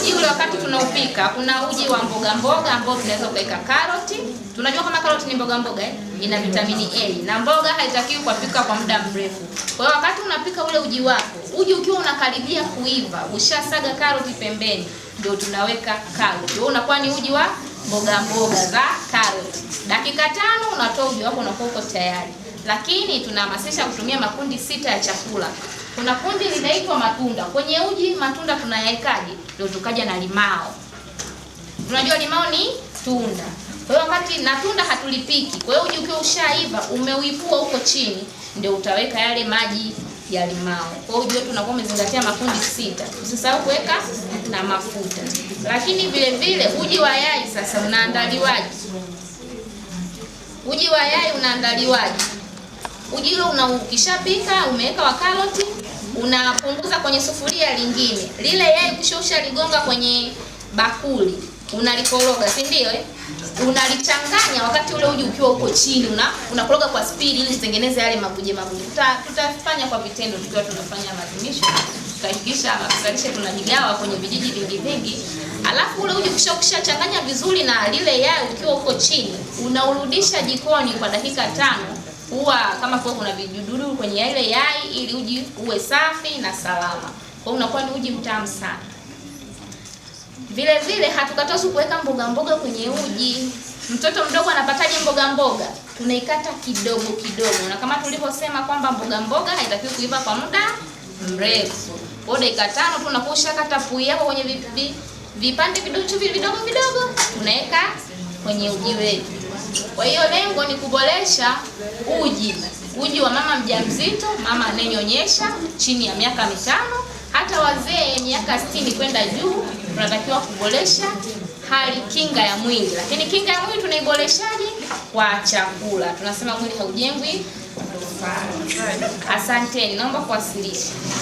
uji ule wakati tunaupika, kuna uji wa mboga mboga ambao tunaweza kuweka karoti. Tunajua kama karoti ni mboga mboga eh? Ina vitamini A na mboga haitakiwi kupika kwa muda mrefu. Kwa hiyo wakati unapika ule uji wako, uji ukiwa unakaribia kuiva, ushasaga karoti pembeni, ndio tunaweka karoti. Wewe unakuwa ni uji wa mboga mboga za karoti. Dakika tano unatoa uji wako unakuwa uko tayari. Lakini tunahamasisha kutumia makundi sita ya chakula. Kuna kundi linaitwa matunda. Kwenye uji matunda tunayawekaje? Ndio tukaja na limao. Unajua limao ni tunda. Kwa hiyo wakati na tunda hatulipiki. Kwa hiyo uji ukiwa ushaiva, umeuipua huko chini, ndio utaweka yale maji ya limao. Kwa hiyo uji wetu unakuwa umezingatia makundi sita. Usisahau kuweka na mafuta. Lakini vile vile uji wa yai sasa unaandaliwaje? Uji wa yai unaandaliwaje? ujiro una ukishapika umeweka wa karoti, unapunguza kwenye sufuria lingine lile, yai kushusha ligonga kwenye bakuli, unalikoroga, si ndio? Eh, unalichanganya wakati ule uji ukiwa uko chini, una unakoroga kwa speed ili zitengeneze yale mabuje mabuje. Tutafanya kwa vitendo tukiwa tunafanya maadhimisho, tutahakikisha makusalisha tunaligawa kwenye vijiji vingi vingi. Alafu ule uji ukisha kushachanganya vizuri na lile yai ukiwa uko chini, unaurudisha jikoni kwa dakika tano huwa kama kwa kuna vijidudu kwenye ile yai, ili uji uwe safi na salama. Kwa unakuwa ni uji mtamu sana. Vile vile hatukatazi kuweka mboga mboga kwenye uji. Mtoto mdogo anapataje mboga mboga? Tunaikata kidogo kidogo, na kama tulivyosema kwamba mboga mboga haitakiwi kuiva kwa muda mrefu. Kwa dakika tano tu unakuwa kata pui yako kwenye vipande vidogo vidogo vidogo, tunaweka kwenye uji wetu. Kwa hiyo lengo ni kuboresha uji uji wa mama mjamzito, mama anayenyonyesha chini ya miaka mitano, hata wazee miaka sitini kwenda juu, tunatakiwa kuboresha hali kinga ya mwili. Lakini kinga ya mwili tunaiboreshaje? Kwa chakula. Tunasema mwili haujengwi. Asanteni, naomba kuwasilisha.